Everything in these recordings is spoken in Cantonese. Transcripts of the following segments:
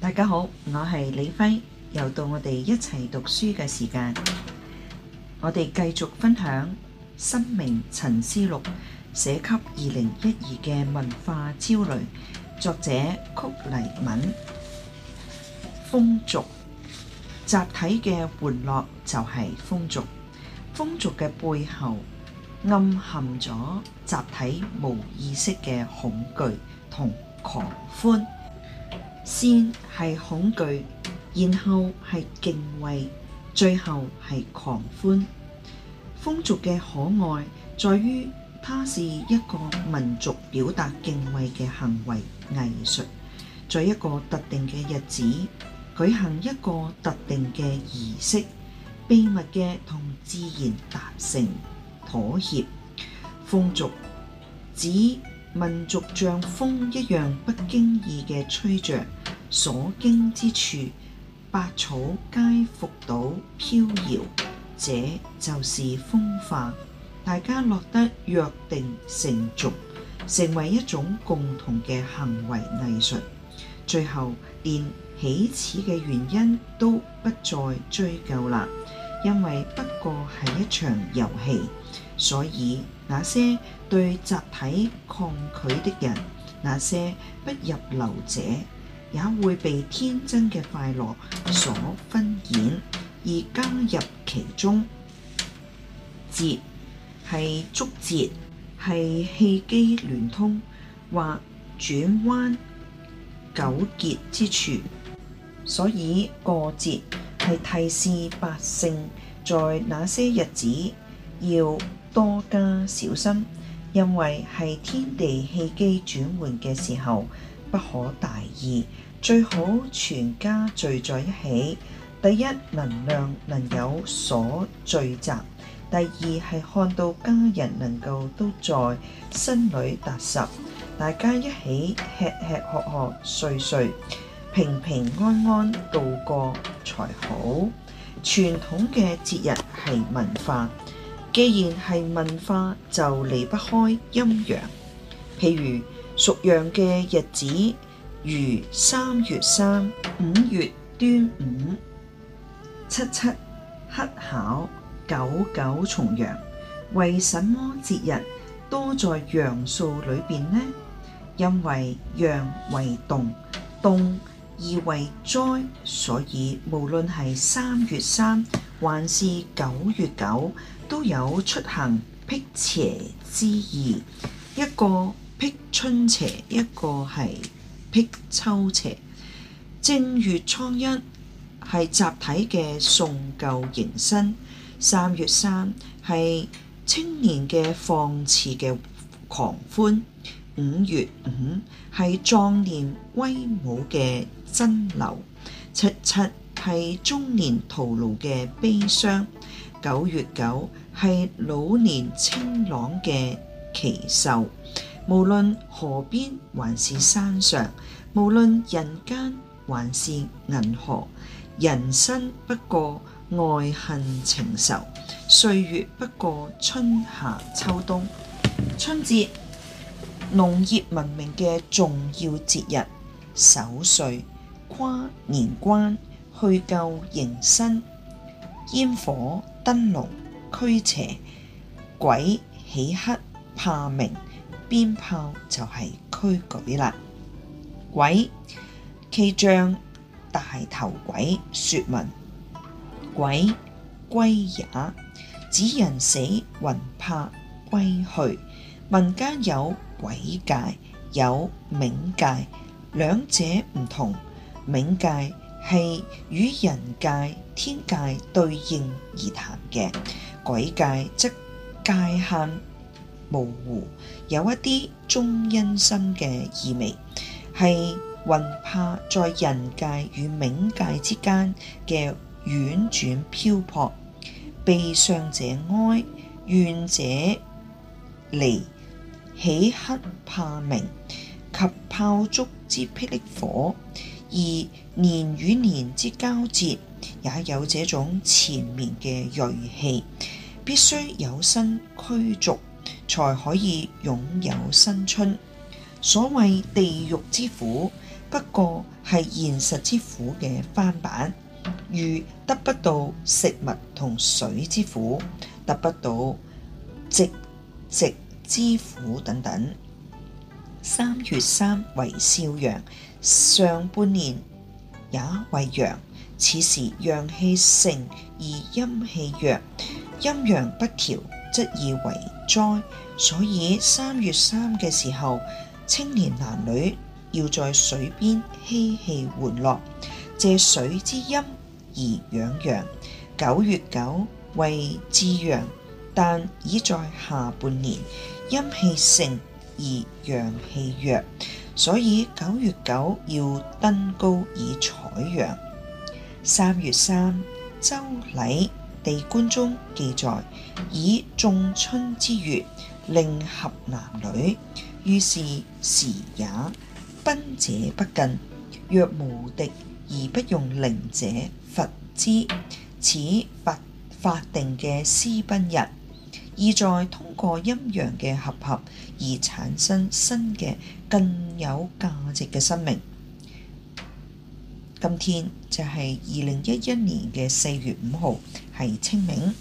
大家好，我係李輝，又到我哋一齊讀書嘅時間，我哋繼續分享陳《生命沉思錄》寫給二零一二嘅文化焦慮，作者曲黎敏。風俗，集體嘅玩樂就係風俗，風俗嘅背後暗含咗集體無意識嘅恐懼同狂歡。先係恐懼，然後係敬畏，最後係狂歡。風俗嘅可愛在於，它是一個民族表達敬畏嘅行為藝術，在一個特定嘅日子舉行一個特定嘅儀式，秘密嘅同自然達成妥協。風俗指民族像風一樣不經意嘅吹着。所經之處，百草皆覆倒飄搖，這就是風化。大家樂得約定成俗，成為一種共同嘅行為藝術。最後連起始嘅原因都不再追究啦，因為不過係一場遊戲。所以那些對集體抗拒的人，那些不入流者，也會被天真嘅快樂所分衍而加入其中。節係竹節，係氣機聯通或轉彎糾結之處，所以過節係提示百姓在那些日子要多加小心，因為係天地氣機轉換嘅時候。不可大意，最好全家聚在一起。第一能量能有所聚集，第二係看到家人能夠都在心裏踏實，大家一起吃吃喝喝，睡睡，平平安安度過才好。傳統嘅節日係文化，既然係文化，就離不開陰陽。譬如屬陽嘅日子如三月三、五月端午、七七乞巧、九九重陽，為什麼節日多在陽數裏邊呢？因為陽為動，動而為災，所以無論係三月三還是九月九，都有出行辟邪之意。一個。辟春邪，一個係辟秋邪。正月初一係集體嘅送舊迎新，三月三係青年嘅放肆嘅狂歡，五月五係壯年威武嘅爭流，七七係中年徒勞嘅悲傷，九月九係老年清朗嘅奇壽。無論河邊還是山上，無論人間還是銀河，人生不過愛恨情仇，歲月不過春夏秋冬。春節，農業文明嘅重要節日，守歲、跨年關、去舊迎新，煙火、燈籠、驅邪，鬼喜黑怕明。鞭炮就係驅鬼啦，鬼其像大頭鬼、説，文鬼歸也，指人死魂魄歸去。民間有鬼界有冥界，兩者唔同。冥界係與人界、天界對應而談嘅，鬼界則界限。模糊有一啲中陰身嘅意味，係魂魄在人界與冥界之間嘅婉轉漂泊，悲傷者哀，怨者離，喜黑怕明，及炮竹之霹靂火，而年與年之交接，也有這種纏綿嘅銳氣，必須有身驅逐。才可以擁有新春。所謂地獄之苦，不過係現實之苦嘅翻版。如得不到食物同水之苦，得不到直直之苦等等。三月三為少陽，上半年也為陽。此時陽氣盛而陰氣弱，陰陽不調。則以為災，所以三月三嘅時候，青年男女要在水邊嬉戲玩樂，借水之陰而養陽。九月九為至陽，但已在下半年，陰氣盛而陽氣弱，所以九月九要登高以採陽。三月三，周禮。《地官》中記載，以仲春之月，令合男女。於是時也，賓者不近，若無敵而不用令者，罰之。此法法定嘅私奔日，意在通過陰陽嘅合合而產生新嘅更有價值嘅生命。今天就係二零一一年嘅四月五號，係清明，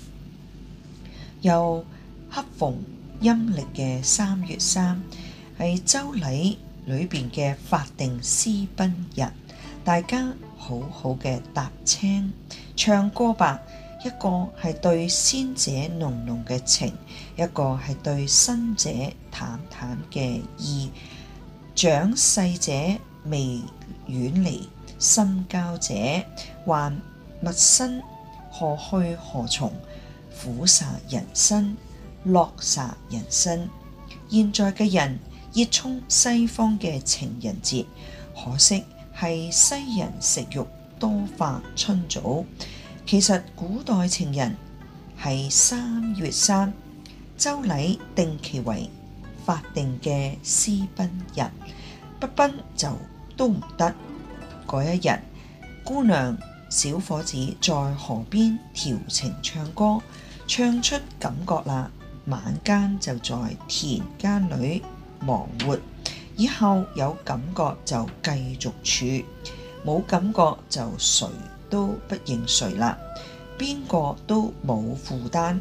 又恰逢陰歷嘅三月三，係周禮裏邊嘅法定私奔日，大家好好嘅踏青、唱歌吧。一個係對先者濃濃嘅情，一個係對生者淡淡嘅意，長逝者未遠離。深交者還陌生，何去何從？苦殺人生，樂殺人生。現在嘅人熱衷西方嘅情人節，可惜係西人食肉多化春早。其實古代情人係三月三，周禮定期為法定嘅私奔日，不奔就都唔得。嗰一日，姑娘、小伙子在河邊調情唱歌，唱出感覺啦。晚間就在田間裏忙活，以後有感覺就繼續處，冇感覺就誰都不認誰啦，邊個都冇負擔。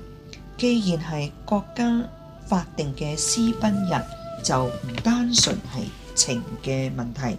既然係國家法定嘅私奔日，就唔單純係情嘅問題。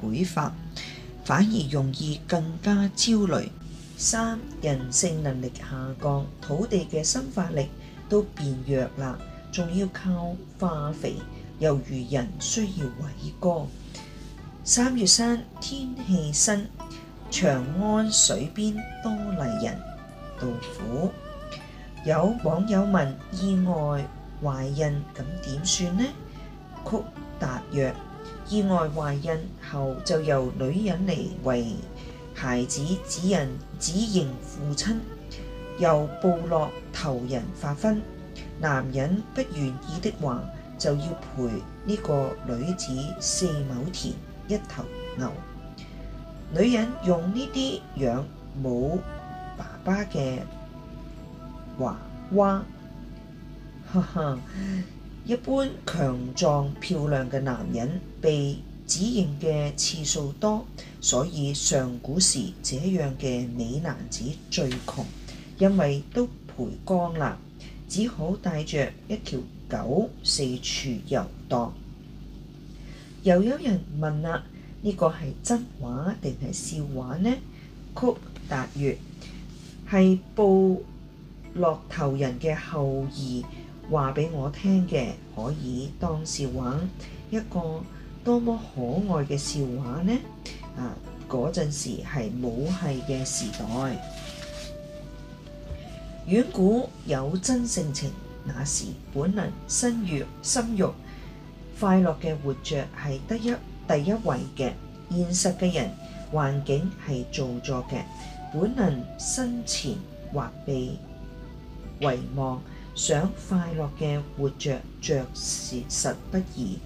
培法反而容易更加焦慮。三人性能力下降，土地嘅生發力都變弱啦，仲要靠化肥，猶如人需要偉哥。三月三，天氣新，長安水邊多麗人。杜甫。有網友問：意外懷孕咁點算呢？曲答曰。意外懷孕後就由女人嚟為孩子指引指認父親，由部落頭人發分。男人不願意的話，就要賠呢個女子四畝田一頭牛。女人用呢啲養冇爸爸嘅娃娃，哈哈。一般強壯漂亮嘅男人被指認嘅次數多，所以上古時這樣嘅美男子最窮，因為都賠光啦，只好帶著一條狗四處遊蕩。又有人問啦、啊，呢、這個係真話定係笑話呢？曲達月係布洛頭人嘅後裔。話畀我聽嘅可以當笑話，一個多麼可愛嘅笑話呢？啊，嗰陣時係母系嘅時代，遠古有真性情，那時本能、身慾、心慾，快樂嘅活着係得一第一位嘅。現實嘅人，環境係造作嘅，本能生前或被遺忘。想快樂嘅活着着是實不易。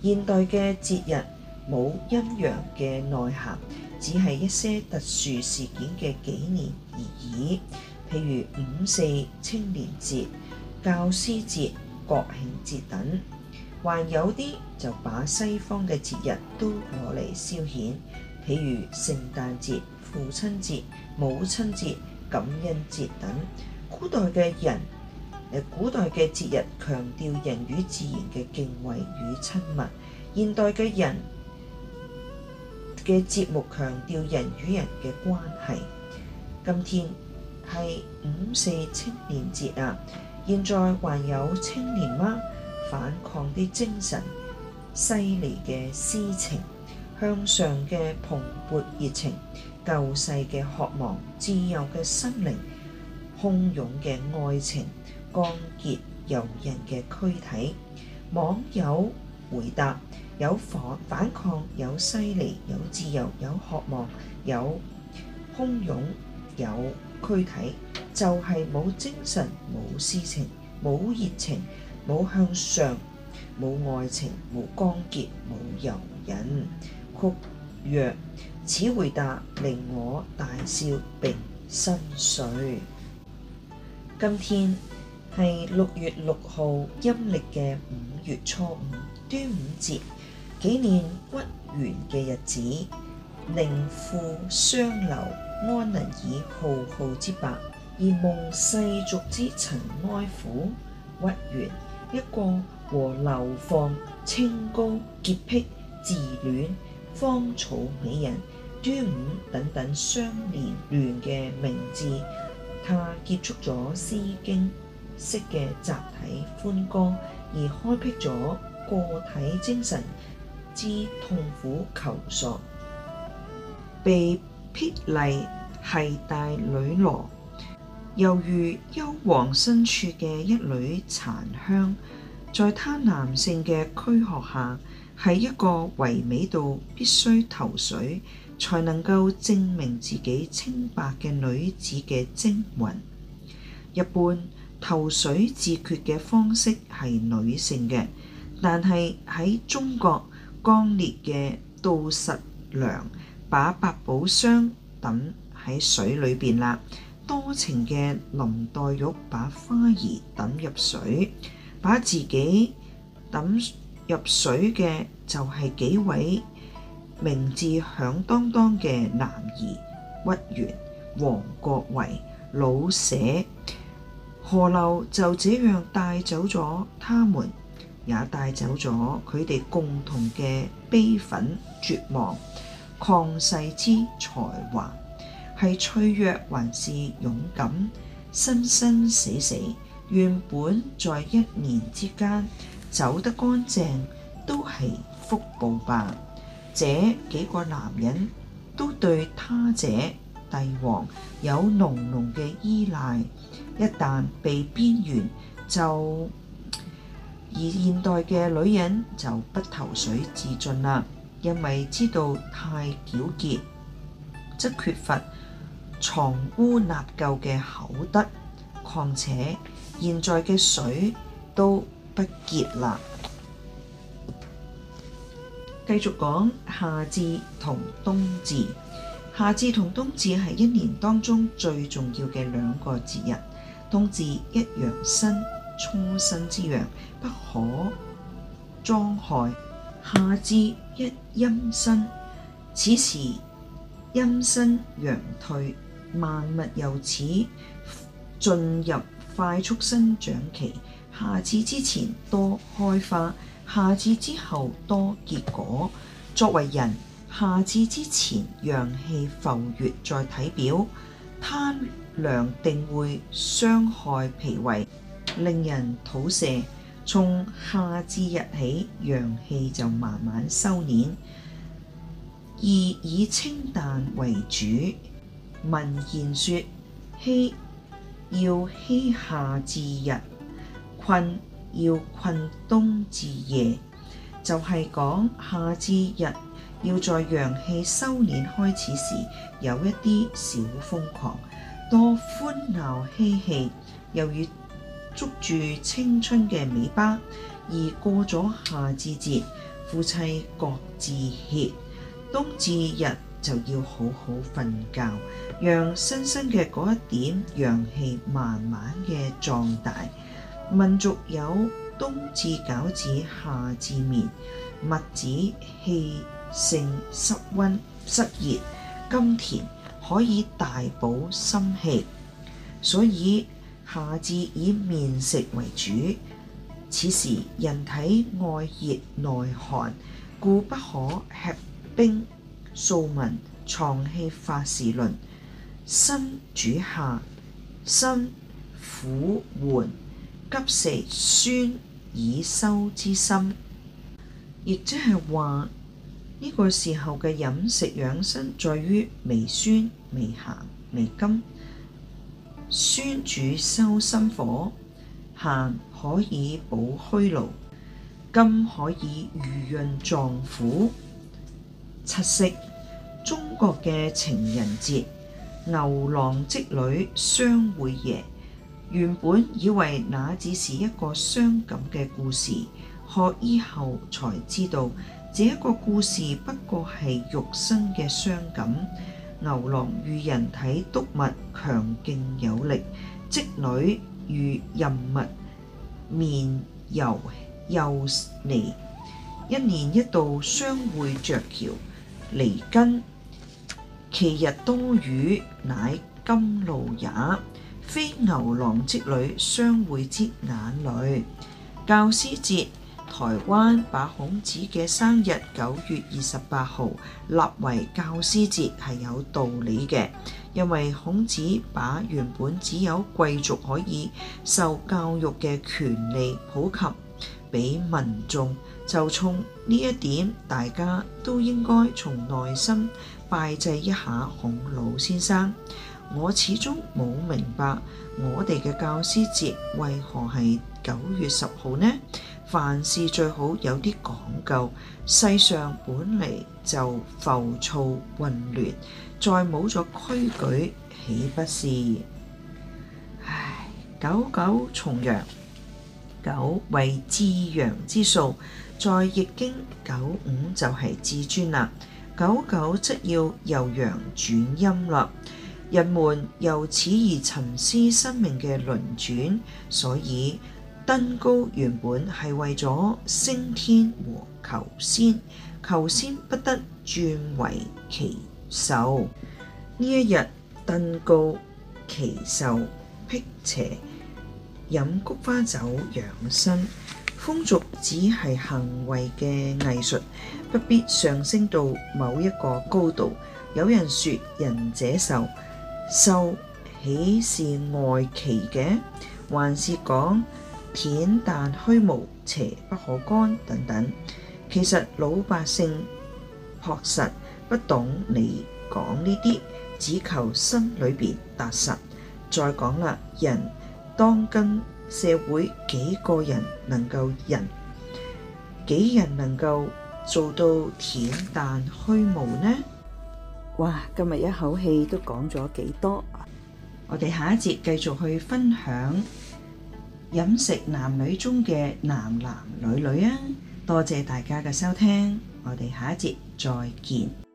現代嘅節日冇陰陽嘅內涵，只係一些特殊事件嘅紀念而已，譬如五四青年節、教師節、國慶節等，還有啲就把西方嘅節日都攞嚟消遣，譬如聖誕節、父親節、母親節、感恩節等。古代嘅人。古代嘅節日強調人與自然嘅敬畏與親密，現代嘅人嘅節目強調人與人嘅關係。今天係五四青年節啊！現在還有青年嗎？反抗啲精神，犀利嘅詩情，向上嘅蓬勃熱情，救世嘅渴望，自由嘅心靈，洶湧嘅愛情。光潔柔韌嘅軀體，網友回答：有反反抗，有犀利，有自由，有渴望，有洶湧，有軀體，就係、是、冇精神，冇私情，冇熱情，冇向上，冇愛情，冇光潔，冇柔韌，曲弱。此回答令我大笑並心碎。今天係六月六號陰曆嘅五月初五，端午節紀念屈原嘅日子。寧赴湘流，安能以皓皓之白而蒙世俗之塵埃乎？屈原一個和流放、清高、潔癖、自戀、芳草美人、端午等等相連聯嘅名字，他結束咗《詩經》。式嘅集體歡歌，而開闢咗個體精神之痛苦求索。被撇離係大女羅，猶如幽王身處嘅一縷殘香，在他男性嘅軀殼下，係一個唯美度必須投水，才能夠證明自己清白嘅女子嘅精魂一般。投水自決嘅方式係女性嘅，但係喺中國，剛烈嘅杜十娘把八寶箱抌喺水裏邊啦，多情嘅林黛玉把花兒抌入水，把自己抌入水嘅就係幾位名字響噹噹嘅男兒，屈原、王國維、老舍。河流就這樣帶走咗他們，也帶走咗佢哋共同嘅悲憤、絕望、曠世之才華，係脆弱還是勇敢？生生死死，原本在一年之間走得乾淨，都係福報吧。這幾個男人都對他者帝王有濃濃嘅依賴。一旦被邊緣，就而現代嘅女人就不投水自盡啦，因為知道太皎潔則缺乏藏污納垢嘅口德，況且現在嘅水都不潔啦。繼續講夏至同冬至，夏至同冬至係一年當中最重要嘅兩個節日。冬至一陽生，初生之陽不可戕害；夏至一陰生，此時陰生陽退，萬物由此進入快速生長期。夏至之前多開花，夏至之後多結果。作為人，夏至之前陽氣浮越在體表，貪涼定會傷害脾胃，令人吐瀉。從夏至日起，陽氣就慢慢收斂，而以清淡為主。文言説：希要希夏至日，困要困冬至夜，就係講夏至日要在陽氣收斂開始時有一啲小瘋狂。多歡鬧嬉戲，猶如捉住青春嘅尾巴；而過咗夏至節，夫妻各自歇。冬至日就要好好瞓覺，讓新生嘅嗰一點陽氣慢慢嘅壯大。民族有冬至餃子，夏至麵。麥子氣性濕温濕熱。甘甜。可以大補心氣，所以夏至以麵食為主。此時人體外熱內寒，故不可吃冰。素問藏氣法時論，心主夏，心苦緩，急食酸以收之心。亦即係話。呢個時候嘅飲食養生，在於微酸、微鹹、微甘。酸主收心火，鹹可以補虛勞，甘可以濡潤臟腑。七夕，中國嘅情人節，牛郎織女相會夜。原本以為那只是一個傷感嘅故事，學醫後才知道。這一個故事不過係肉身嘅傷感。牛郎與人體篤物強勁有力，織女與人物面柔幼膩。一年一度相會着橋，離根。其日多雨，乃甘露也，非牛郎織女相會之眼淚。教師節。台灣把孔子嘅生日九月二十八號立為教師節係有道理嘅，因為孔子把原本只有貴族可以受教育嘅權利普及俾民眾，就從呢一點大家都應該從內心拜祭一下孔老先生。我始終冇明白，我哋嘅教師節為何係九月十號呢？凡事最好有啲講究，世上本嚟就浮躁混亂，再冇咗規矩，豈不是？唉，九九重陽，九為至陽之數，在易經九五就係至尊啦。九九則要由陽轉陰啦，人們由此而沉思生命嘅輪轉，所以。登高原本係為咗升天和求仙，求仙不得轉為祈壽。呢一日登高，祈壽辟邪，飲菊花酒養生。風俗只係行為嘅藝術，不必上升到某一個高度。有人說仁者壽，壽豈是外奇嘅？還是講？恬淡虛無，邪不可干等等，其實老百姓確實，不懂你講呢啲，只求心裏邊踏實。再講啦，人，當今社會幾個人能夠人，幾人能夠做到恬淡虛無呢？哇！今日一口氣都講咗幾多，我哋下一節繼續去分享。飲食男女中嘅男男女女啊！多謝大家嘅收聽，我哋下一節再見。